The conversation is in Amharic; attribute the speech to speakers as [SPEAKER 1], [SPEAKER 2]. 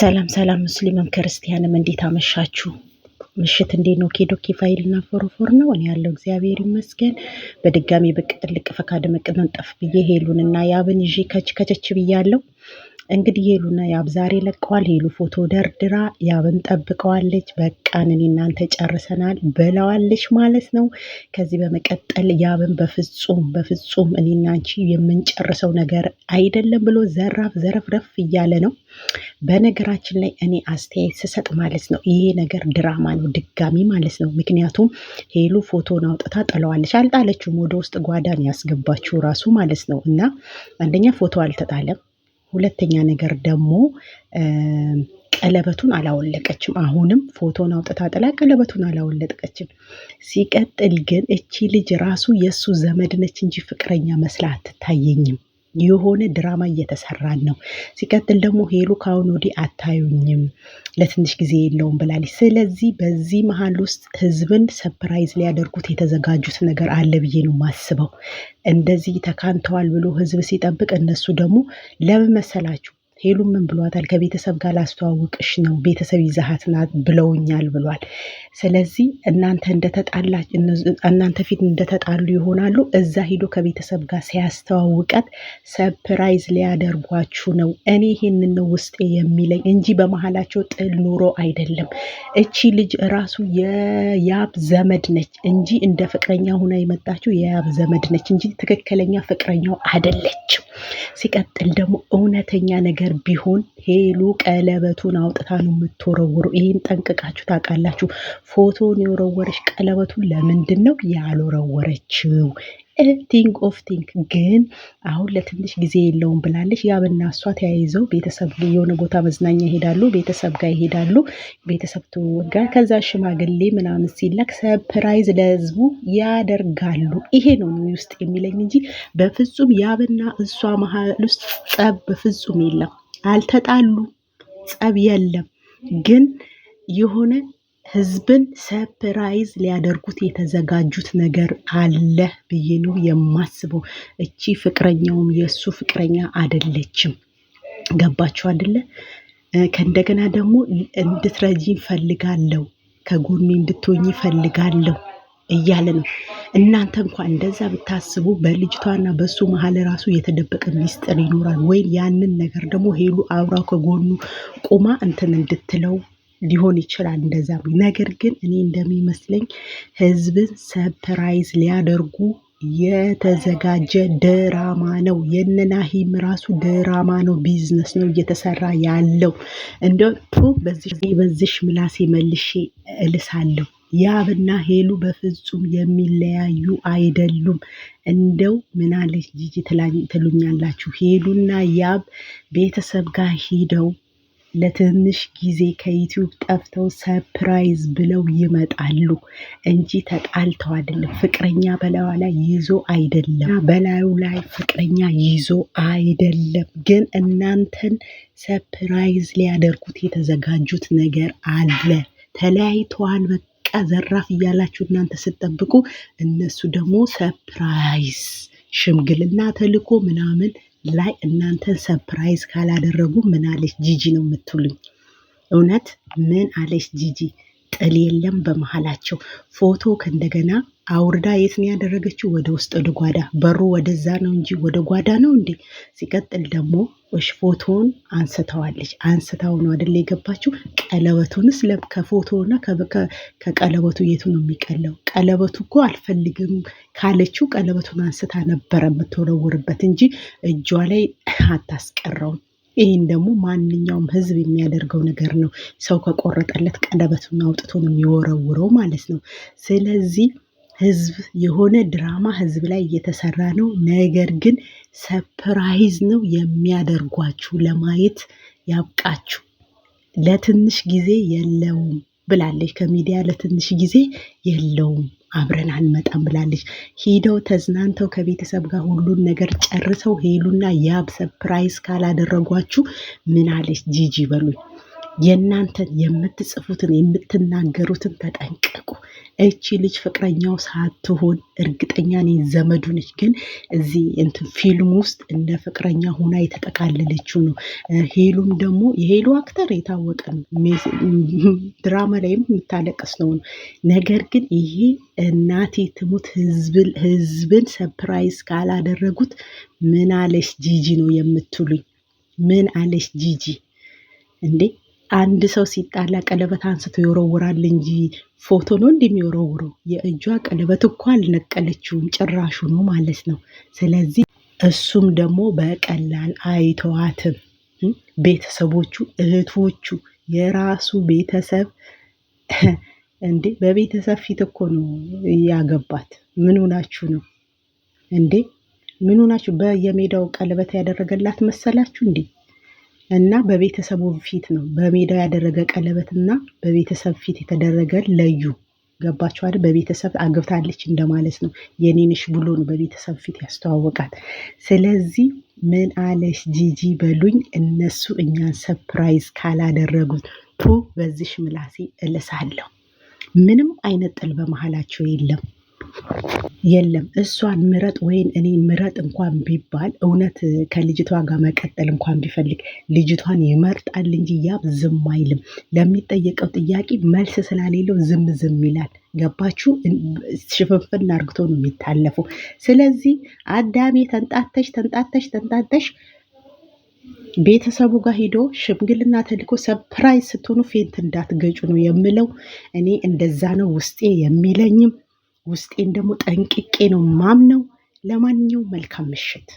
[SPEAKER 1] ሰላም ሰላም ሙስሊምም ክርስቲያንም እንዴት አመሻችሁ? ምሽት እንዴት ነው? ኬዶኬ ፋይልና ፎርፎር ነው። እኔ ያለው እግዚአብሔር ይመስገን። በድጋሚ ብቅ ጥልቅ ፈካድ መንጠፍ ብዬ ሄሉን እና ያብን ይዤ ከች ከቸች ብያለው። እንግዲህ ሄሉና ያብ ዛሬ ለቀዋል። ሄሉ ፎቶ ደርድራ ያብን ጠብቀዋለች። በቃን እኔ እናንተ ጨርሰናል ብለዋለች ማለት ነው። ከዚህ በመቀጠል ያብን በፍጹም በፍጹም እኔ እናንቺ የምንጨርሰው ነገር አይደለም ብሎ ዘራፍ ዘረፍረፍ እያለ ነው። በነገራችን ላይ እኔ አስተያየት ስሰጥ ማለት ነው ይሄ ነገር ድራማ ነው ድጋሚ ማለት ነው። ምክንያቱም ሄሉ ፎቶን አውጥታ ጥለዋለች። አልጣለችውም፣ ወደ ውስጥ ጓዳን ያስገባችው ራሱ ማለት ነው። እና አንደኛ ፎቶ አልተጣለም ሁለተኛ ነገር ደግሞ ቀለበቱን አላወለቀችም። አሁንም ፎቶን አውጥታ ጥላ ቀለበቱን አላወለቀችም። ሲቀጥል ግን እቺ ልጅ ራሱ የእሱ ዘመድ ነች እንጂ ፍቅረኛ መስላ አትታየኝም። የሆነ ድራማ እየተሰራን ነው። ሲቀጥል ደግሞ ሄሉ ከአሁን ወዲህ አታዩኝም ለትንሽ ጊዜ የለውም ብላለች። ስለዚህ በዚህ መሀል ውስጥ ህዝብን ሰፕራይዝ ሊያደርጉት የተዘጋጁት ነገር አለ ብዬ ነው ማስበው። እንደዚህ ተካንተዋል ብሎ ህዝብ ሲጠብቅ እነሱ ደግሞ ለምን መሰላችሁ ሄሉ ምን ብሏታል? ከቤተሰብ ጋር ላስተዋውቅሽ ነው ቤተሰብ ይዛሃት ናት ብለውኛል ብሏል። ስለዚህ እናንተ እንደተጣላ እናንተ ፊት እንደተጣሉ ይሆናሉ። እዛ ሂዶ ከቤተሰብ ጋር ሲያስተዋውቀት ሰፕራይዝ ሊያደርጓችሁ ነው። እኔ ይሄንን ነው ውስጤ የሚለኝ እንጂ በመሀላቸው ጥል ኑሮ አይደለም። እቺ ልጅ ራሱ የያብ ዘመድ ነች እንጂ እንደ ፍቅረኛ ሁና የመጣችው የያብ ዘመድ ነች እንጂ ትክክለኛ ፍቅረኛው አይደለችም። ሲቀጥል ደግሞ እውነተኛ ነገር ቢሆን ሄሉ ቀለበቱን አውጥታ ነው የምትወረውረው። ይህን ጠንቅቃችሁ ታውቃላችሁ። ፎቶን የወረወረች ቀለበቱን ለምንድን ነው ያልወረወረችው? ኤቭሪቲንግ ኦፍ ቲንክ ግን አሁን ለትንሽ ጊዜ የለውም ብላለች። ያብና እሷ ተያይዘው ቤተሰብ የሆነ ቦታ መዝናኛ ይሄዳሉ፣ ቤተሰብ ጋር ይሄዳሉ። ቤተሰብ ትውውቅ ጋር ከዛ ሽማግሌ ምናምን ሲላክ ሰርፕራይዝ ለህዝቡ ያደርጋሉ። ይሄ ነው ውስጥ የሚለኝ እንጂ በፍጹም ያብና እሷ መሀል ውስጥ ጸብ በፍጹም የለም። አልተጣሉ፣ ጸብ የለም ግን የሆነ ህዝብን ሰፕራይዝ ሊያደርጉት የተዘጋጁት ነገር አለ ብዬ ነው የማስበው። እቺ ፍቅረኛውም የእሱ ፍቅረኛ አይደለችም። ገባችሁ አደለ ከእንደገና ደግሞ እንድትረጂኝ ፈልጋለሁ፣ ከጎኔ እንድትሆኝ ፈልጋለሁ እያለ ነው። እናንተ እንኳን እንደዛ ብታስቡ በልጅቷና በእሱ መሀል ራሱ የተደበቀ ሚስጥር ይኖራል። ወይም ያንን ነገር ደግሞ ሄሉ አብራው ከጎኑ ቁማ እንትን እንድትለው ሊሆን ይችላል እንደዛ። ነገር ግን እኔ እንደሚመስለኝ ህዝብን ሰፕራይዝ ሊያደርጉ የተዘጋጀ ድራማ ነው። የነናሂም ራሱ ድራማ ነው፣ ቢዝነስ ነው እየተሰራ ያለው። እንደቱ በዚሽ ምላሴ መልሼ እልሳለሁ። ያብና ሄሉ በፍጹም የሚለያዩ አይደሉም። እንደው ምናለች ጂጂ ትሉኛላችሁ። ሄሉና ያብ ቤተሰብ ጋር ሂደው ለትንሽ ጊዜ ከዩቲዩብ ጠፍተው ሰርፕራይዝ ብለው ይመጣሉ እንጂ ተጣልተው አይደለም። ፍቅረኛ በላዩ ላይ ይዞ አይደለም፣ በላዩ ላይ ፍቅረኛ ይዞ አይደለም። ግን እናንተን ሰርፕራይዝ ሊያደርጉት የተዘጋጁት ነገር አለ። ተለያይተዋል በቃ ዘራፍ እያላችሁ እናንተ ስትጠብቁ እነሱ ደግሞ ሰርፕራይዝ ሽምግልና ተልኮ ምናምን ላይ እናንተን ሰፕራይዝ ካላደረጉ ምን አለች ጂጂ ነው የምትሉኝ? እውነት ምን አለች ጂጂ? ጥል የለም በመሀላቸው ፎቶ ከእንደገና አውርዳ የት ነው ያደረገችው? ወደ ውስጥ ወደ ጓዳ። በሩ ወደዛ ነው እንጂ ወደ ጓዳ ነው እንዴ? ሲቀጥል ደግሞ እሽ ፎቶውን አንስተዋለች። አንስታው ነው አይደል የገባችው? ቀለበቱንስ ከፎቶና ከቀለበቱ የቱ ነው የሚቀለው? ቀለበቱ እኮ አልፈልግም ካለችው ቀለበቱን አንስታ ነበረ የምትወረውርበት እንጂ እጇ ላይ አታስቀረውም። ይህን ደግሞ ማንኛውም ህዝብ የሚያደርገው ነገር ነው። ሰው ከቆረጠለት ቀለበቱን አውጥቶ ነው የሚወረውረው ማለት ነው። ስለዚህ ህዝብ የሆነ ድራማ ህዝብ ላይ እየተሰራ ነው። ነገር ግን ሰፕራይዝ ነው የሚያደርጓችሁ፣ ለማየት ያብቃችሁ። ለትንሽ ጊዜ የለውም ብላለች። ከሚዲያ ለትንሽ ጊዜ የለውም አብረን አንመጣም ብላለች። ሂደው ተዝናንተው ከቤተሰብ ጋር ሁሉን ነገር ጨርሰው ሄሉና ያብ ሰፕራይዝ ካላደረጓችሁ ምን አለች ጂጂ በሉኝ። የእናንተን የምትጽፉትን የምትናገሩትን ተጠንቀቁ። እቺ ልጅ ፍቅረኛው ሳትሆን እርግጠኛ ነኝ ዘመዱ ነች። ግን እዚህ እንትን ፊልም ውስጥ እንደ ፍቅረኛ ሆና የተጠቃለለችው ነው። ሄሉም ደግሞ የሄሉ አክተር የታወቀ ነው። ድራማ ላይም የምታለቀስ ነው። ነገር ግን ይሄ እናቴ ትሙት ህዝብን ሰፕራይዝ ካላደረጉት ምን አለሽ ጂጂ ነው የምትሉኝ? ምን አለሽ ጂጂ እንዴ? አንድ ሰው ሲጣላ ቀለበት አንስቶ ይወረውራል እንጂ ፎቶ ነው እንደሚወረውረው። የእጇ ቀለበት እኮ አልነቀለችውም ጭራሹ ነው ማለት ነው። ስለዚህ እሱም ደግሞ በቀላል አይተዋትም። ቤተሰቦቹ፣ እህቶቹ፣ የራሱ ቤተሰብ እንዴ! በቤተሰብ ፊት እኮ ነው ያገባት። ምን ሆናችሁ ነው እንዴ? ምን ሆናችሁ? በየሜዳው ቀለበት ያደረገላት መሰላችሁ እንዴ? እና በቤተሰቡ ፊት ነው በሜዳ ያደረገ ቀለበት እና በቤተሰብ ፊት የተደረገ ለዩ። ገባችሁ አይደል? በቤተሰብ አግብታለች እንደማለት ነው። የኔንሽ ብሎ ነው በቤተሰብ ፊት ያስተዋወቃት። ስለዚህ ምን አለሽ ጂጂ በሉኝ፣ እነሱ እኛን ሰፕራይዝ ካላደረጉት ቱ በዚሽ ምላሴ እልሳለሁ። ምንም አይነት ጥል በመሀላቸው የለም። የለም እሷን ምረጥ ወይን እኔ ምረጥ እንኳን ቢባል እውነት ከልጅቷ ጋር መቀጠል እንኳን ቢፈልግ ልጅቷን ይመርጣል እንጂ ያብ ዝም አይልም። ለሚጠየቀው ጥያቄ መልስ ስላሌለው ዝም ዝም ይላል። ገባችሁ? ሽፍንፍን አርግቶ ነው የሚታለፈው። ስለዚህ አዳሜ ተንጣተሽ ተንጣተሽ ተንጣተሽ ቤተሰቡ ጋር ሂዶ ሽምግልና ተልኮ ሰፕራይዝ ስትሆኑ ፌንት እንዳትገጩ ነው የምለው። እኔ እንደዛ ነው ውስጤ የሚለኝም ውስጤን ደግሞ ጠንቅቄ ነው ማምነው። ለማንኛውም መልካም ምሽት።